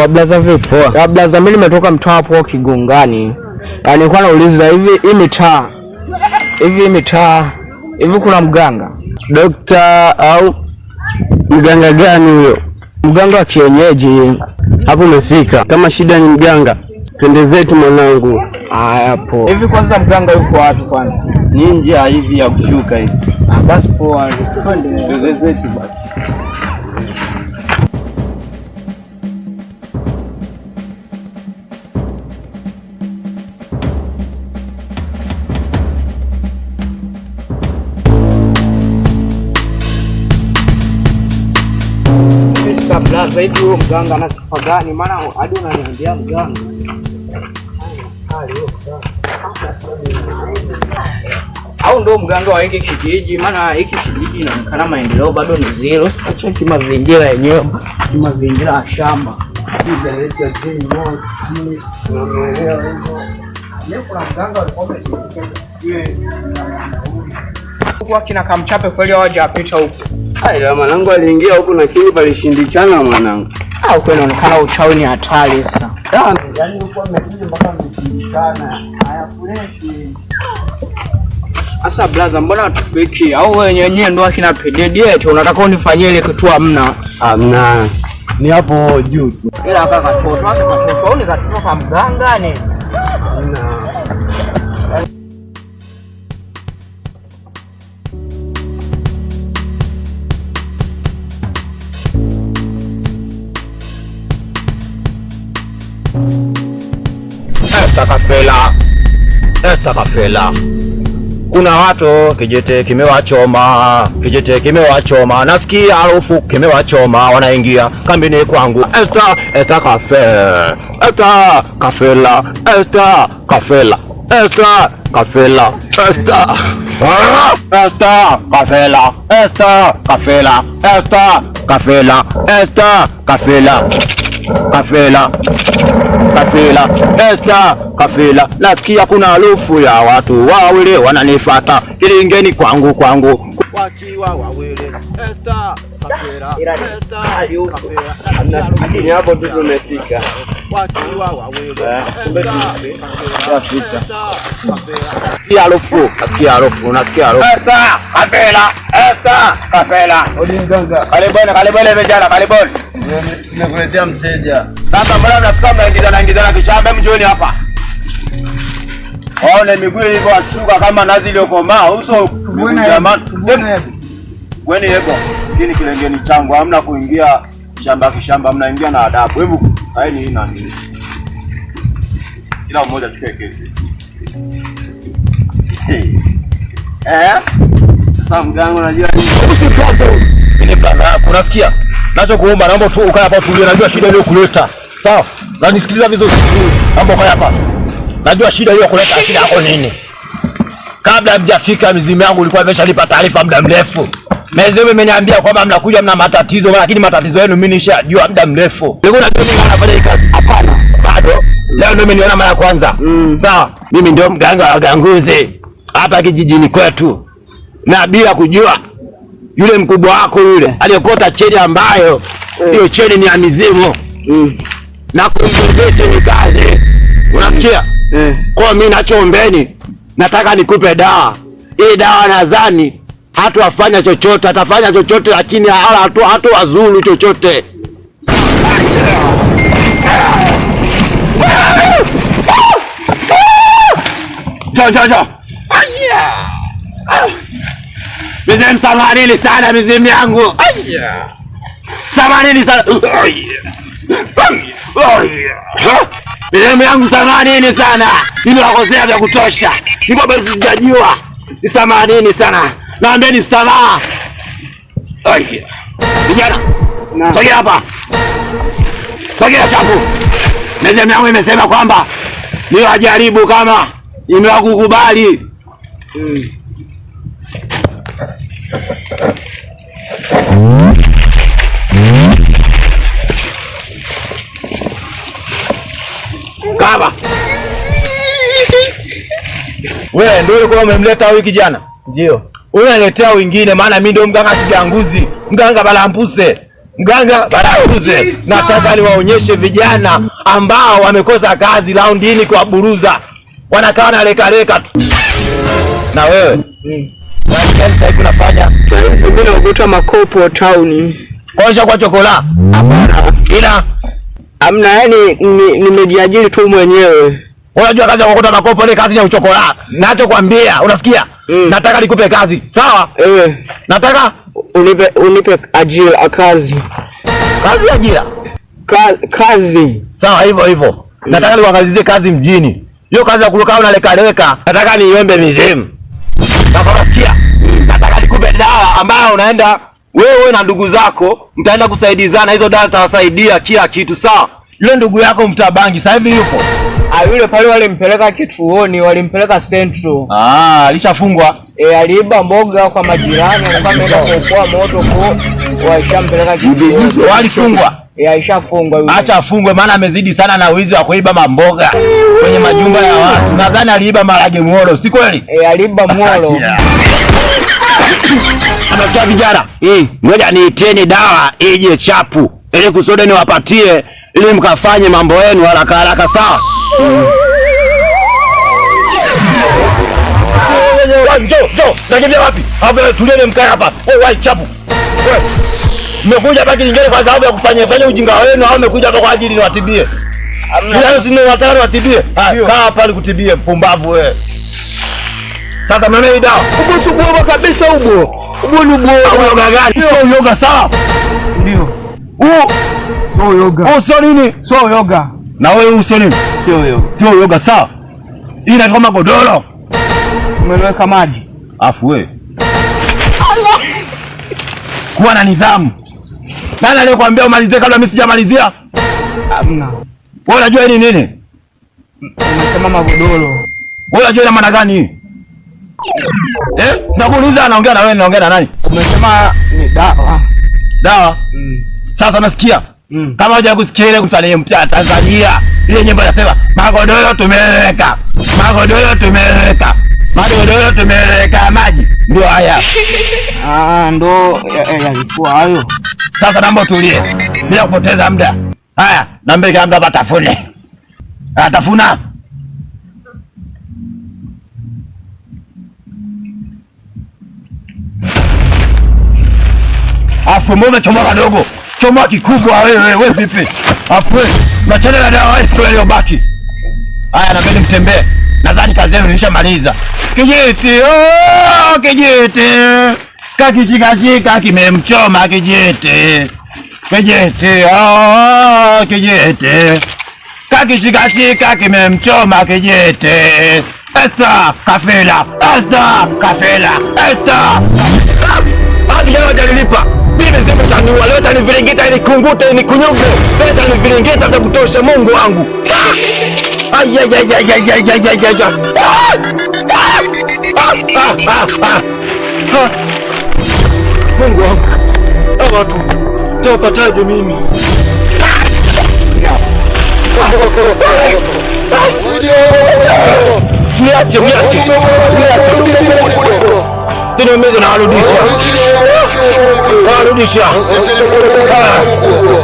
Wa blaza vipi poa? Ya blaza mimi nimetoka mtaa hapo Kigongani. Yaani nilikuwa nauliza hivi hii mitaa. Hivi hii mitaa. Hivi kuna mganga? Dokta au mganga gani huyo? Mganga wa kienyeji. Hapo umefika. Kama shida ni mganga, twende zetu mwanangu. Haya poa. Hivi kwanza mganga yuko wapi kwanza? Ni nje hivi ya kushuka hivi. Ah, basi poa. Twende zetu basi. Bora zaidi huyo mganga ana sifa gani? Maana hadi unaniambia mganga. Au ndo mganga wa hiki kijiji? Maana hiki kijiji inaonekana maendeleo bado ni zero. Acha kimazingira yenyewe, kimazingira ya shamba kina kamchape kweli hawajapita huko. Ila mwanangu aliingia huku lakini palishindikana mwanangu. Ah, ukweli unaonekana uchawi ni hatari sasa. Ah, yaani ulikuwa umekuja mpaka Haya freshi. Asa blaza, mbona tupiki? Au wewe nyenyewe ndo akina pedediet unataka unifanyie ile kitu hamna? Hamna. Ni hapo juu tu. Ila kaka toto, hata katoto, au ni katoto mganga ni? Hamna. Esta Kafela, Esta Kafela. Kuna watu kijete kimewachoma, kijete kimewachoma, nasikia harufu kimewachoma, wanaingia kambini kwangu. Esta, Esta Kafela, Esta Kafela, Esta Kafela, Esta Kafela, Esta Esta Kafela, Esta Kafela, Esta Kafela, Esta Kafela kafela kafela Esta la nasikia kuna harufu ya watu wawili wananifata, kilingeni kwangu kwangu, wachiwa wawili Esta Eh, ni hapo tu tumefika. Karibuni vijana, karibuni. Nimekuletea mteja. Sasa mbona mnafika mnaingizana ingizana kishambe mjoni hapa? Aone miguu ilivyoashuka kama nazi iliyokomaa uso jamani. Weni yaani yego kini kilengeni changu, hamna kuingia shamba kishamba, ingia na adabu. Hebu kaeni hii nani, kila mmoja chukue kesi. Eh, sasa nini? mgango, najua Nacho nachokuomba, naomba tu ukae hapa tulie. Najua shida kuleta. sawa, na nisikiliza vizuri, naomba ukae hapa. Najua shida kuleta shida yako nini? Kabla hamjafika mizimu yangu ulikuwa umeshalipa taarifa muda mrefu. Maelezo imeniambia kwamba mnakuja mna matatizo, lakini matatizo yenu mimi nishajua muda mrefu. Nafanya kazi hapana, bado leo ndio imeniona mara ya kwanza. Mm. Sawa, mimi ndio mganga wa ganguzi hapa kijijini kwetu, na bila kujua yule mkubwa wako yule aliokota cheni ambayo eh. hiyo cheni ni ya mizimu mm. na kuongezea ni kazi, unasikia? Eh. Kwa mimi nachoombeni, nataka nikupe dawa. Hii dawa nadhani hatafanya chochote, atafanya chochote lakini hatawazuru chochote. Mizimu, samanini sana mizimu yangu, samanini sana mizimu yangu, samanini sana, nimewakosea vya kutosha, vya niko bado sijajiwa, ni samanini sana naambeni sawa. Vijana sogea hapa, sogea chapu. Mezem yangu imesema kwamba niwajaribu kama imewakukubali Kaba wewe ndio ulikuwa umemleta huyu kijana? Ndio unaletea wengine, maana mimi ndio mganga kijanguzi, mganga balambuse, mganga balambuze. Nataka niwaonyeshe vijana ambao wamekosa kazi raundi kwa buruza wanakaa na leka leka tu. Na wewe unafanya mimi naogopa makopo town kosha kwa chokola, hapana, ila amna, yani nimejiajiri tu mwenyewe Unajua kazi ya kuokota makopo ile kazi ya uchokola. Nachokwambia, unasikia? Mm. Nataka nikupe kazi. Sawa? Eh. Nataka unipe unipe ajira a kazi. Kazi ajira. Ka, kazi. Sawa hivyo hivyo. Mm. Nataka niwaangalizie kazi mjini. Hiyo kazi ya kukaa unaleka leka. Nataka niombe mizimu. Nakusikia? Mm. Nataka nikupe dawa ambayo unaenda wewe na ndugu zako mtaenda kusaidizana, hizo dawa zitawasaidia kila kitu. Sawa? Yule ndugu yako mtabangi sasa hivi yupo. Ah, yule pale walimpeleka kituoni, walimpeleka Central. Ah, alishafungwa. E, aliiba mboga kwa majirani, akaenda kuokoa moto kwa waishampeleka kituoni. Walifungwa. Eh, alishafungwa yule. Acha afungwe maana amezidi sana na wizi wa kuiba mamboga kwenye majumba ya watu. Nadhani aliiba marage mworo, si kweli? E, aliiba mworo. Anakia vijana. Mm, ngoja niitieni dawa ije chapu ili kusudi niwapatie ili mkafanye mambo yenu haraka haraka, sawa? Nakimbia wapi? Tulieni mkae hapa. Oh, wewe chapu. Mmekuja hapa Kilingere kwa sababu ya kufanya fanya ujinga wenu au mmekuja hapa kwa ajili niwatibie? Nataka yaani niwatibie. Ah, kaa hapa nikutibie mpumbavu wewe. Sasa mama hii dawa. Ubo subuo kabisa ubo. Ubo ni ubo. Uyoga gani? Sio uyoga sawa. Ndio. Huo. Sio uyoga. Usio nini? Sio uyoga. Na wewe usio nini? sio uyoga sawa, ila kama godoro umeweka maji. Afu we kuwa na nidhamu. Nani aliyokuambia umalizie kabla mimi sijamalizia? Hamna. Wewe unajua hii ni nini? Unasema magodoro. Wewe unajua ina maana gani? hii? Eh? Nakuuliza anaongea na wewe naongea na nani? Umesema ni dawa. Dawa? Mm. Sasa nasikia. Mm. Kama hujakusikia ile kusalimia Tanzania ile nyimbo inasema magodoro tumeleweka, magodoro tumeleweka, magodoro tumeleweka maji. Ndio haya ah, ndo yalikuwa hayo. Sasa naomba utulie bila kupoteza muda. Haya, naomba kila mtu hapa atafuna afu mbona chomoka dogo Choma kikubwa wewe, wewe vipi? Afwe. Nachana na dawa hizo iliyobaki. Haya, napenda mtembee. Nadhani kazi yenu nilishamaliza. Kijiti, oh, kijiti. Kakishikashika kimemchoma kijiti. Kijiti, oh, kijiti. Kakishikashika kimemchoma kijiti. Esta kafila, esta kafila, esta. kafila. nikungute nikunyonge, pesa vilingeta za kutosha. Mungu wangu, Mungu wangu, hawa ah, watu tawapataje mimi? Niache, niache, niache, tunameza na warudisha Warudisha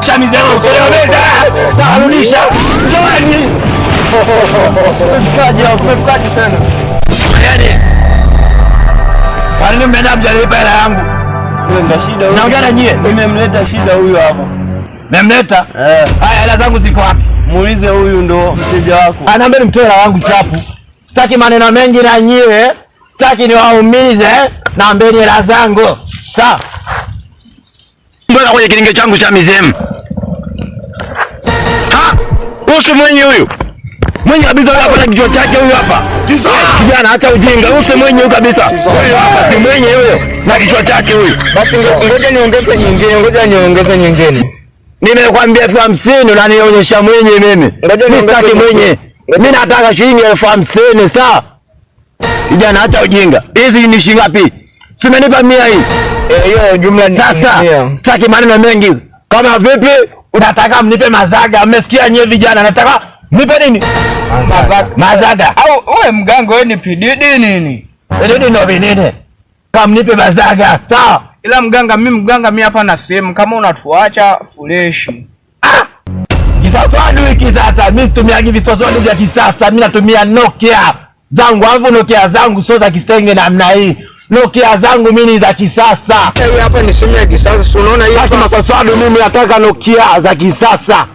chamizi yangu kwa meza, warudisha joani. Umefikaje hapo? Umefikaje tena? Yani, kwa nini mjaribu hela yangu? Ndio shida. Naongea na nyie. Nimemleta shida huyu hapa. Memleta? Eh. Haya, hela zangu ziko wapi? Muulize huyu ndo mteja wako. Anaambia ah, nimtoe hela yangu chapu. Sitaki maneno mengi na nyie. Sitaki niwaumize. Naambeni hela zangu. Sawa. Mbona kwenye kilinge changu cha mizemu? Ha? Usu mwenye huyu. Mwenye kabisa huyu hapa na kichwa chake huyu hapa. Tisa. Ah, kijana acha ujinga. Usu mwenye huyu kabisa. Huyu hapa si mwenye huyo na kichwa chake huyu. Basi ngoja niongeze nyingine, ngoja niongeze nyingine. Nimekwambia elfu hamsini unanionyesha mwenye mimi. Ngoja niongeze mwenye. Mimi nataka shilingi elfu hamsini sawa? Kijana acha ujinga. Hizi ni shilingi ngapi? Si mia hii. Eh, sasa sitaki maneno mengi, kama vipi unataka mnipe mazaga? Mmesikia nyewe vijana, nataka mnipe nini? Mazaga au wewe mgango, wewe ni pididi nini? Pididi ndo vinene, kama mnipe mazaga sawa, ila mganga, mimi mganga, mimi hapa na sehemu, kama unatuacha fuleshi ah! Kisaswadi wiki sasa, mi situmiagi visaswadi vya kisasa, mi natumia Nokia zangu, alafu Nokia zangu sio za kitenge namna hii. Nokia zangu mimi ni za kisasa. Wewe hapa ni simu ya kisasa. unaona hiyo? Lazima kwa sababu mimi nataka Nokia za kisasa.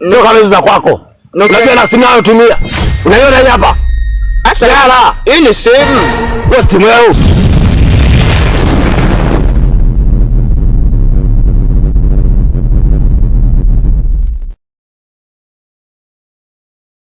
Ndio kama za kwako. Nokia na simu nayotumia. Unaiona hapa? Sasa hii ni simu. Wewe simu yako.